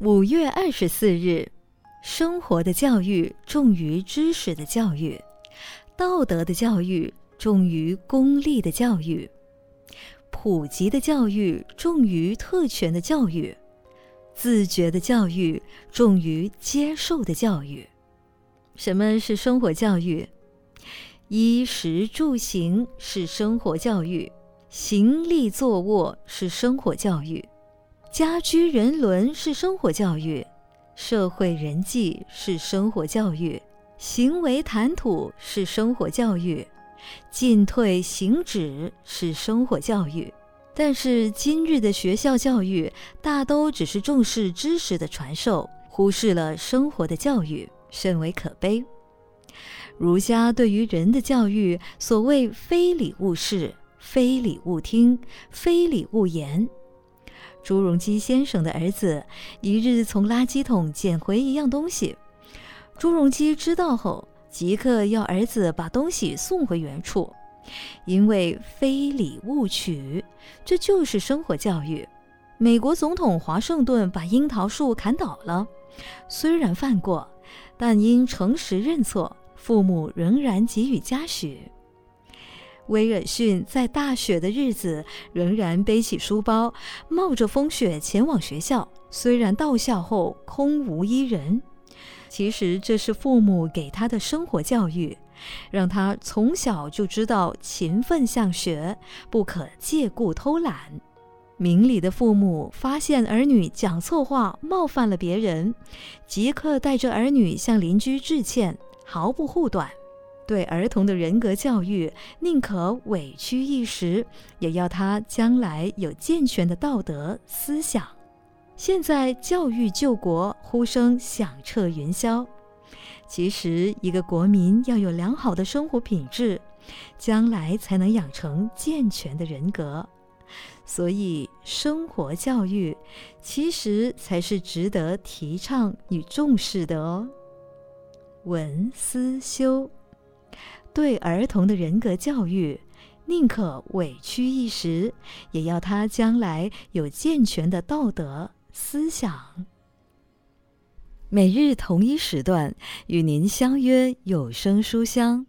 五月二十四日，生活的教育重於知識的教育，道德的教育重於功利的教育，普及的教育重於特權的教育，自覺的教育重於接受的教育。什麼是生活教育？衣食住行是生活教育，行立坐臥是生活教育。家居人倫是生活教育，社會人際是生活教育，行為談吐是生活教育，進退行止是生活教育。但是今日的學校教育大都只是重視知識的傳授，忽視了生活的教育，甚為可悲。儒家對於人的教育，所謂“非禮勿視，非禮勿聽，非禮勿言”。朱鎔基先生的兒子一日從垃圾桶撿回一樣東西，朱鎔基知道後，即刻要兒子把東西送回原處，因為非禮勿取，這就是生活教育。美國總統華盛頓把櫻桃樹砍倒了，雖然犯過，但因誠實認錯，父母仍然給予嘉許。威爾遜在大雪的日子，仍然背起書包，冒着風雪前往學校。雖然到校後空無一人，其實這是父母給他的生活教育，讓他從小就知道勤奮向學，不可借故偷懶。明理的父母發現兒女講錯話冒犯了別人，即刻帶着兒女向鄰居致歉，毫不護短。對兒童的人格教育，寧可委屈一時，也要他將來有健全的道德思想。現在教育救國呼聲響徹雲霄，其實一個國民要有良好的生活品質，將來才能養成健全的人格。所以生活教育，其實才是值得提倡與重視的哦。文思修。對兒童的人格教育，寧可委屈一時，也要他將來有健全的道德思想。每日同一時段，與您相約有聲書香。